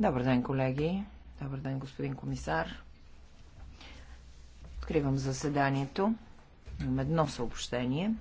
Добър ден, колеги. Добър ден, господин комисар. Откривам заседанието. Имам едно съобщение.